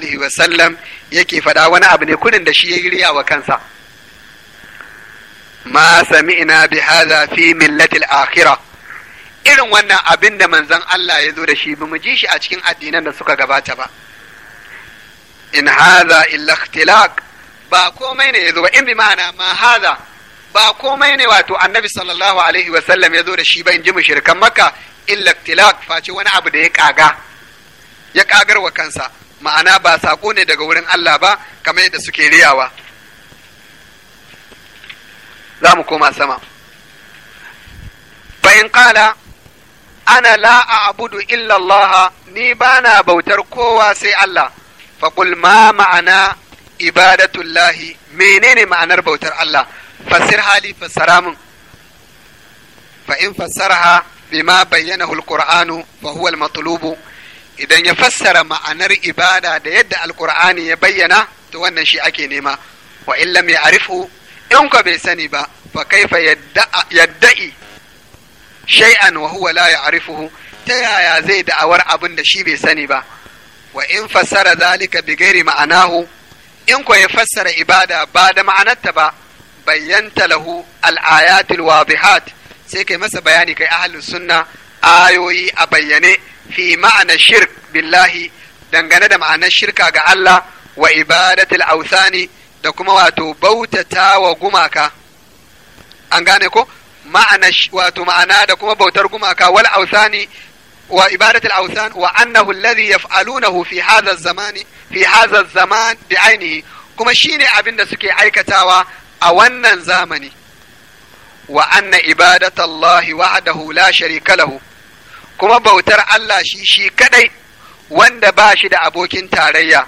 alihi wa sallam yake faɗa wani abu ne kurin da shi ya riya wa kansa ma sami'na bi hadha fi millatil akhirah irin wannan abin da manzon Allah ya zo da shi bamu ji shi a cikin addinan da suka gabata ba in hadha illa ikhtilaq ba komai ne ya zo ba in bi ma'ana ma hadha ba komai ne wato annabi sallallahu alaihi wa ya zo da shi ba in ji mushrikan makka illa ikhtilaq face wani abu da ya kaga ya kagar wa kansa ma'ana ba saƙo ne daga wurin Allah ba kamar yadda suke riyawa za mu koma sama bayan ƙala ana la a'budu illa ni ba na bautar kowa sai Allah faƙul ma ma'ana ibadatullahi menene ma'anar bautar Allah fasir hali fassara min fa in fassaraha bima bayyana alqur'anu fa huwa almatlubu idan ya fassara ma'anar ibada da yadda alkur'ani ya bayyana to wannan shi ake nema wa in lam ya'rifu in ka bai sani ba fa kaifa yadda'i shay'an wa huwa la ya'rifuhu ta yaya zai da'awar abin da shi bai sani ba wa in fassara zalika bi ghairi ma'anahu in ko ya fassara ibada ba da ma'anarta ba bayyanta lahu al-ayatul wadihat sai kai masa bayani kai ahlus sunna ayoyi a bayyane fi ma'ana shirk billahi dangane da ma'anar shirka ga Allah wa ibadatul ausani da kuma wato bautata gumaka an gane ko ma'ana wato da bautar gumaka wal ausani wa ibadatul ausan wa annahu alladhi yaf'alunahu fi hadha zaman bi ainihi kuma shine abin da suke aikatawa a wannan zamani wa ibadatallahi wahdahu la kuma bautar Allah shi shi kadai wanda ba shi da abokin tarayya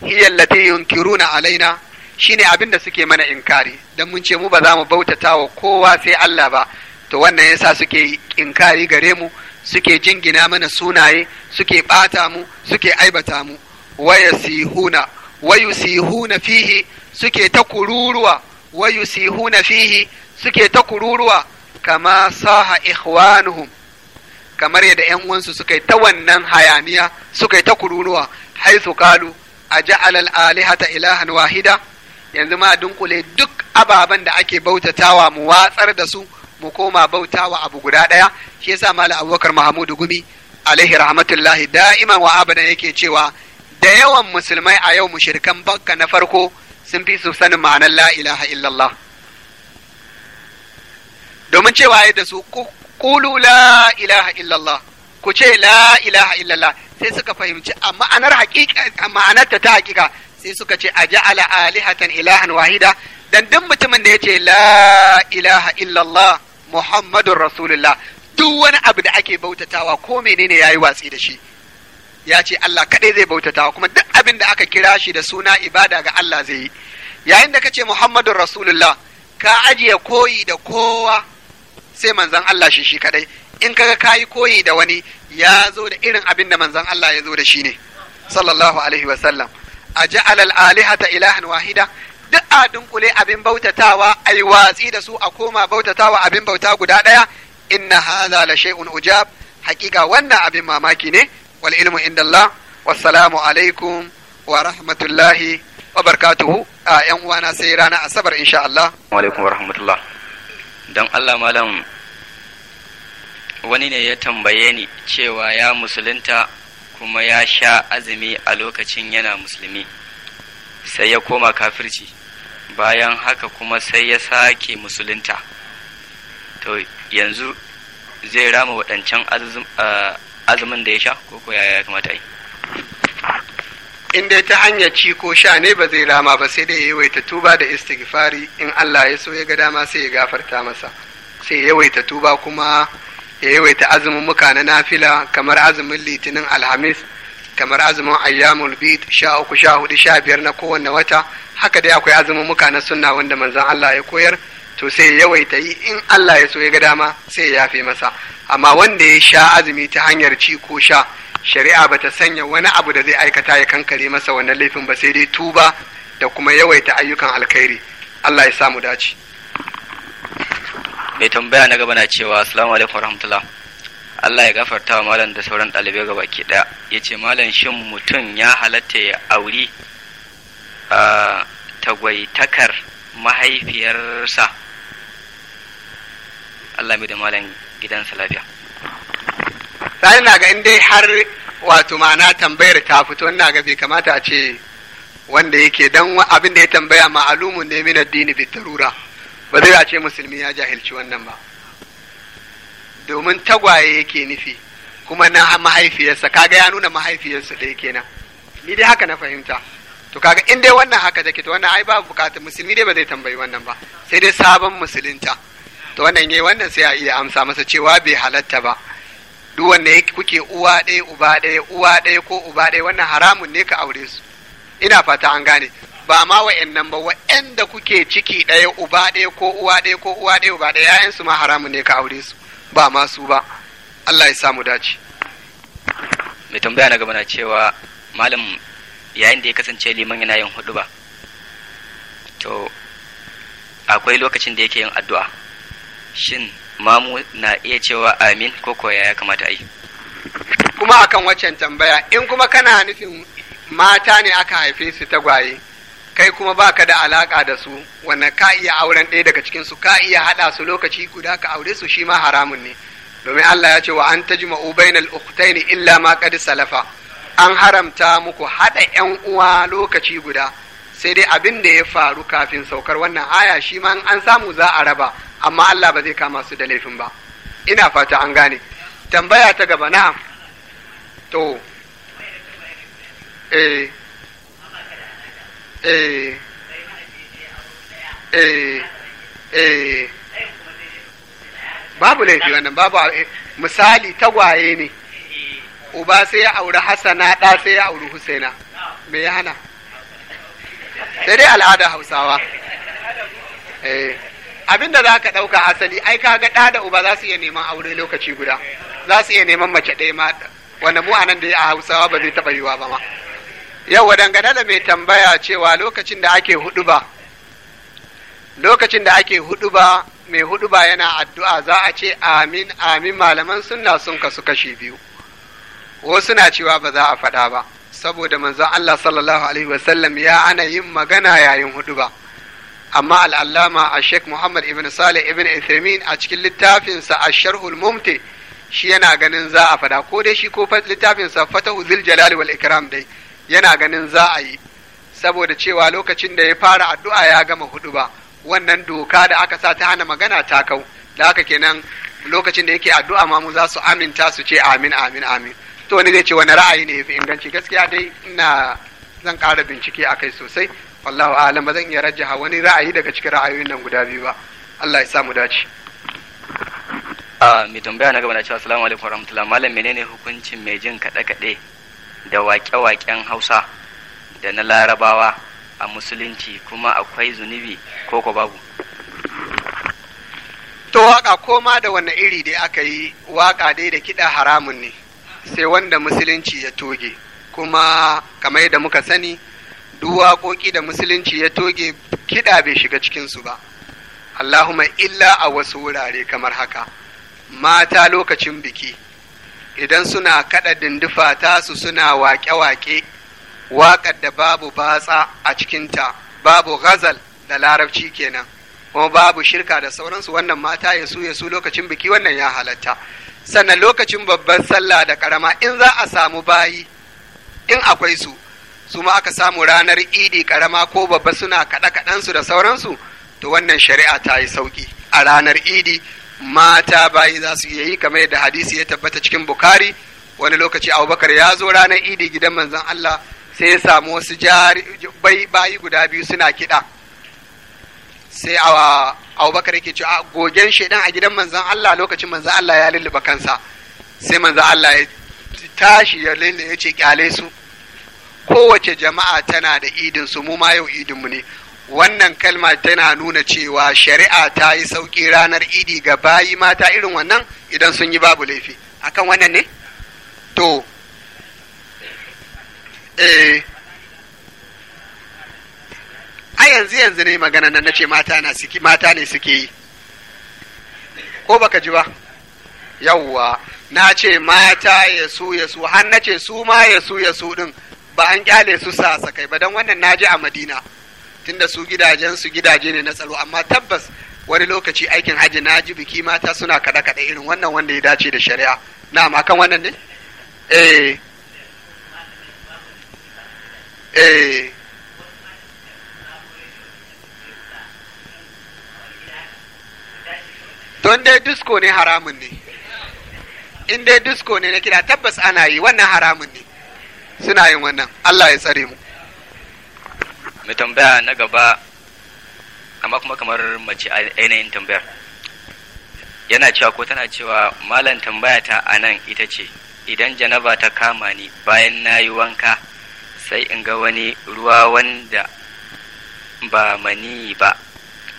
hiyallati yunkiruna alaina shine abin da suke mana inkari dan mun ce mu ba za mu bautata wa kowa sai Allah ba to wannan yasa suke inkari gare mu suke jingina mana sunaye suke bata mu suke aibata mu wayasihuna wayusihuna fihi suke ta kururuwa wayusihuna fihi suke ta kururuwa kama saha ikhwanuhum kamar yadda ‘yan uwansu suka yi ta wannan hayaniya suka yi ta kururuwa haisu kalu a ja'alal alihata ilahan wahida yanzu ma dunkule duk ababen da ake bautatawa mu watsar da su mu koma bautawa abu guda ɗaya shi yasa malam abubakar Mahmud gumi alaihi rahmatullahi da'iman wa abadan yake cewa da yawan musulmai a yau mushrikan bakka na farko sun fi su sanin ma'anar la ilaha illallah domin cewa da su Kulu la ilaha illallah ku ce la ilaha illallah sai suka fahimci a ma'anar ma'anarta ta hakika. sai suka ce a ja'ala alihatan ilahan wahida dan duk mutumin da ya ce la ilaha illallah muhammadun rasulullah duk wani abu da ake bautatawa ko menene yayi watsi da shi ya ce Allah kaɗai zai bautatawa kuma duk abin da aka kira shi da suna ibada ga Allah zai yi yayin da kace muhammadun rasulullah ka ajiye koyi da kowa sai manzon Allah shi shi kadai in kaga kayi koyi da wani ya zo da irin abin da manzon Allah ya zo da shi ne sallallahu alaihi wa sallam aja'al alihata ilahan wahida duk a dunkule abin bautatawa ai watsi da su a koma bautatawa abin bauta guda daya inna hadha la shay'un ujab hakika wannan abin mamaki ne wal ilmu indallah wassalamu alaikum wa rahmatullahi wa barakatuhu a yan uwana sai rana asabar insha Allah wa alaikum wa rahmatullah don Allah malam wani ne ya tambaye ni cewa ya musulunta kuma ya sha azumi a lokacin yana musulmi sai ya koma kafirci bayan haka kuma sai ya sake musulunta to yanzu zai rama waɗancan azumin da ya sha ko ya kamata yi in dai ta hanyar ci ko sha ne ba zai rama ba sai dai ya yawaita tuba da istighfari in Allah ya so ya ga dama sai ya gafarta masa sai yawaita tuba kuma ya yawaita azumin muka na nafila kamar azumin litinin alhamis kamar azumin ayyamul bid sha uku sha hudu sha biyar na kowanne wata haka dai akwai azumin muka na sunna wanda manzon Allah ya koyar to sai yawaita yi in Allah ya so ya ga dama sai ya yafe masa amma wanda ya sha azumi ta hanyar ci ko sha shari'a bata sanya wani abu da zai aikata ya kankare masa wannan laifin ba sai dai tuba da kuma yawaita ayyukan alkhairi Allah ya samu dace mai tambaya na gaba na cewa assalamu alaikum warahmatullah Allah ya gafarta wa malam da sauran ɗalibai gaba ki ɗaya ya ce malam shin mutum ya halatta ya auri a tagwaitakar mahaifiyarsa Allah mai da malam gidansa lafiya sai na ga in dai har wato ma'ana tambayar ta fito ina ga bai kamata a ce wanda yake dan abin da ya tambaya ma'alumun ne min addini bi tarura ba zai a ce musulmi ya jahilci wannan ba domin tagwaye yake nufi kuma na mahaifiyarsa kaga ya nuna mahaifiyarsa da yake nan ni dai haka na fahimta to kaga in dai wannan haka take to wannan ai babu bukatar musulmi dai ba zai tambayi wannan ba sai dai sabon musulunta to wannan yayi wannan sai a iya amsa masa cewa bai halatta ba duk wanda kuke uwa ɗaya uba ɗaya uwa ɗaya ko uba ɗaya wannan haramun ne ka aure su ina fata an gane ba ma wa'annan ba wa'anda kuke ciki ɗaya uba ɗaya ko uwa ɗaya ko uwa ɗaya uba ɗaya yayan su ma haramun ne ka aure su ba ma su ba Allah ya samu dace mai tambaya na gaba na cewa malam yayin da ya kasance liman yana yin hudu ba to akwai lokacin da yake yin addu'a shin mamu na iya cewa amin ko koya ya kamata yi kuma akan waccan tambaya in kuma kana nufin mata ne aka haife su tagwaye kai kuma baka da alaka da su wannan ka iya auren ɗaya daga cikin su ka iya haɗa su lokaci guda ka aure su shi ma haramun ne domin Allah ya ce wa an tajma'u bainal ukhtaini illa ma qad salafa an haramta muku haɗa yan uwa lokaci guda sai dai abin da ya faru kafin saukar wannan aya shi ma an samu za a raba amma Allah ba zai kama su da laifin ba ina fata an gane tambaya ta gaba na to eh, eh eh eh babu laifi wannan babu eh, misali tagwaye ne uba sai ya auri Hassana, ɗa sai ya auri husaina me ya hana sai dai al'ada hausawa eh Abin da za ka ɗauka asali ai ka ga ɗa da uba za su iya neman aure lokaci guda za su iya neman mace ɗaya ma wanda mu anan da a hausawa ba zai taɓa yiwa ba ma yau dangane da mai tambaya cewa lokacin da ake hudu ba lokacin da ake hudu ba mai hudu ba yana addu'a za a ce amin amin malaman sunna sun kasu kashi biyu wasu na cewa ba za a faɗa ba saboda manzon Allah sallallahu alaihi wasallam ya ana yin magana yayin hudu ba amma al'allama a sheikh muhammad ibn salih ibn ithrimin a cikin littafinsa a sharhul mumti shi yana ganin za a fada ko dai shi ko littafinsa fatahu zil jalali wal ikram dai yana ganin za a yi saboda cewa lokacin da ya fara addu'a ya gama hudu ba wannan doka da aka sa ta hana magana ta kau da haka kenan lokacin da yake addu'a ma mu za su aminta su ce amin amin amin to zai ce wani ra'ayi ne ya fi inganci gaskiya dai ina zan ƙara bincike a kai sosai wallahu a'lam ba zan iya rajaha wani ra'ayi daga cikin ra'ayoyin nan guda biyu ba Allah ya sa mu dace a mai tambaya na gaba na cewa assalamu alaikum warahmatullahi malam menene hukuncin mai jin kaɗe kaɗe da waƙe-waƙen Hausa da na Larabawa a musulunci kuma akwai zunubi ko ko babu to waka koma da wanne iri dai aka yi waka dai da kiɗa haramun ne sai wanda musulunci ya toge kuma kamar yadda muka sani duk waƙoƙi da musulunci ya toge kiɗa bai shiga cikinsu ba Allahumma illa a wasu wurare kamar haka mata lokacin biki idan suna kaɗa dindufa tasu suna waƙe-waƙe waƙar da babu batsa a cikinta babu ghazal da larabci kenan kuma babu shirka da sauransu wannan mata ya su ya su lokacin biki wannan ya halatta sannan lokacin babban sallah da karama in za a samu bayi in akwai su su ma aka samu ranar idi karama ko babba suna kaɗa su da sauransu to wannan shari'a ta yi sauƙi a ranar idi mata bayi za su yi kamar yadda hadisi ya tabbata cikin bukari wani lokaci abubakar ya zo ranar idi gidan manzon allah sai ya samu wasu bayi guda biyu suna kiɗa sai abubakar yake cewa gogen shaidan a gidan manzon allah lokacin manzon allah ya lulluɓa kansa sai manzon allah ya tashi ya lulluɓe ya ce kyale su kowace jama'a tana da idin su mu ma yau idin mu ne wannan kalma tana nuna cewa shari'a ta yi sauƙi ranar idi ga bayi mata irin wannan idan sun yi babu laifi akan wannan ne to eh a yanzu yanzu ne magana nan nace mata na siki mata ne suke yi ko baka ji ba yawwa na ce mata ya su ya su har nace su ma ya su ya su din ba an kyale su sa sakai ba don wannan naji a madina tunda su gidajen su gidaje ne na tsaro amma tabbas wani lokaci aikin na naji biki mata suna kada kada irin wannan wanda ya dace da shari'a ma kan wannan ne eh eh don dai disco ne haramun ne in dai disco ne na kira tabbas ana yi wannan haramun ne suna yin wannan Allah ya tsare mu mai tambaya na gaba amma kuma kamar mace ainihin tambayar yana cewa ko tana cewa malam tambaya ta a nan ita ce idan janaba ta kama ni bayan na yi wanka sai in ga wani ruwa wanda ba mani ba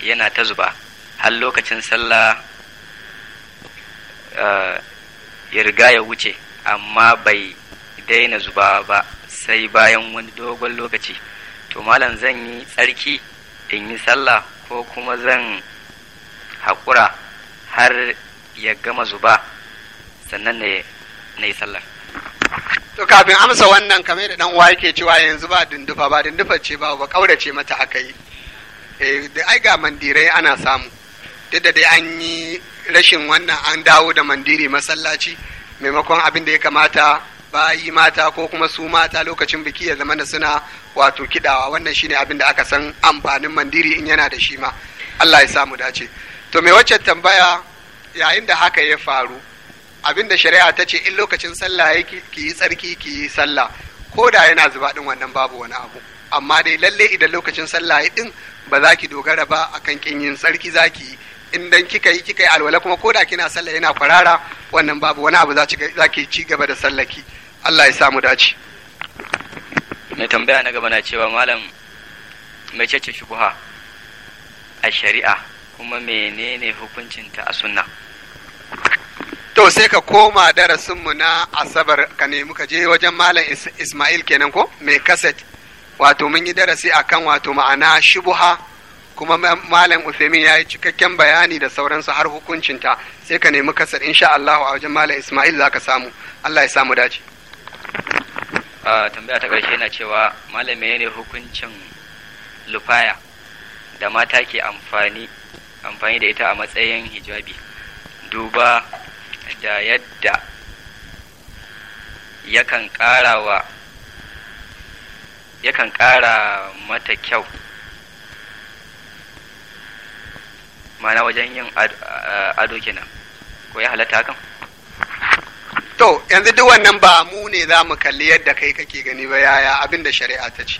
yana ta zuba har lokacin sallah eh, ya riga ya wuce amma bai daina zuba ba sai bayan wani dogon lokaci to malam zan yi tsarki in yi sallah ko kuma zan haƙura har ya gama zuba sannan ne na yi sallar to kafin amsa wannan kamar da dan uwa yake cewa yanzu ba dindufa ba dindufa ce ba ba kaurace mata aka yi eh da ai ga mandirai ana samu duk da dai an yi rashin wannan an dawo da mandiri masallaci maimakon abin da ya kamata bayi mata ko kuma su mata lokacin biki ya zama da suna wato kidawa wannan shine abin da aka san amfanin mandiri in yana da shi ma Allah ya samu dace to me wacce tambaya yayin da haka ya faru abin da shari'a ta ce in lokacin sallah yake ki yi tsarki ki yi sallah ko da yana zuba din wannan babu wani abu amma dai lalle idan lokacin sallah ya din ba za ki dogara ba akan kin yin tsarki za ki in dan kika yi kika yi alwala kuma ko da kina sallah yana kwarara wannan babu wani abu za ki ci gaba da sallaki Allah ya samu dace mai tambaya na gaba na cewa malam mai cece shubuha a shari'a kuma menene hukuncinta a sunna to sai ka koma darasinmu na asabar ka nemi ka je wajen malam ismail kenan ko mai kaset wato mun yi darasi akan wato ma'ana shubuha kuma malam Uthaymin ya yi cikakken bayani da sauransu har hukuncinta sai ka nemi kasar insha Allah a wajen malam Ismail za ka samu Allah ya samu dace tambaya ta ƙarshe na cewa malame ne hukuncin lufaya da mata ke amfani amfani da ita a matsayin hijabi duba da yadda yakan ƙara wa yakan ƙara mata kyau mana wajen yin ado kenan ko ya halatta hakan to yanzu duk wannan ba mu ne za mu kalli yadda kai kake gani ba yaya abin da shari'a ta ce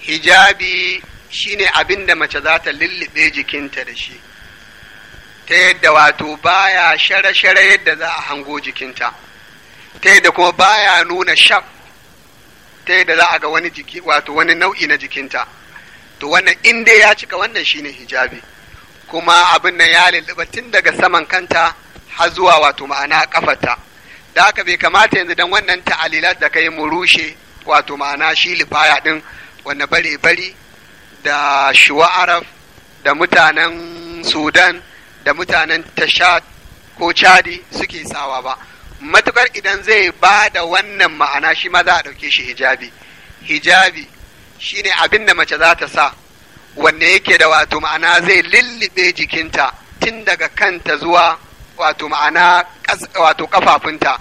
hijabi shi ne abin da mace za ta lullube jikinta da shi ta yadda wato baya share-share yadda za a hango jikinta ta yadda kuma baya nuna shaf ta yadda za a ga wani jiki wato wani nau'i na jikinta to wannan in dai ya cika wannan shi ne hijabi kuma abin nan ya lulluɓa tun daga saman kanta har zuwa wato ma'ana kafata da haka bai kamata yanzu dan wannan ta'alilat da kai mu rushe wato ma'ana shi lifaya din wanda bare bari da shuwa da mutanen sudan da mutanen tashad ko chadi suke sawa ba matukar idan zai ba da wannan ma'ana shi ma za a ɗauke shi hijabi hijabi shine abin da mace za ta sa wanne yake da wato ma'ana zai lullube jikinta tun daga kanta zuwa wato ma'ana wato kafafunta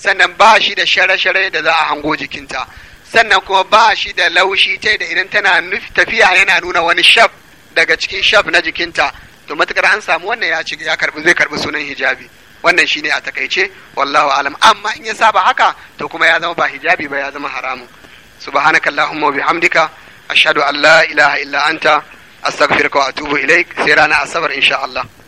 sannan ba shi da share-share da za a hango jikinta sannan kuma ba shi da laushi ta da idan tana tafiya yana nuna wani shaf daga cikin shaf na jikinta to matukar an samu wannan ya ci ya karbi zai karbi sunan hijabi wannan shine a takaice wallahu alam amma in ya saba haka to kuma ya zama ba hijabi ba ya zama haramun subhanakallahumma wa bihamdika ashhadu an la ilaha illa anta astaghfiruka wa atubu ilaik sai rana asabar insha Allah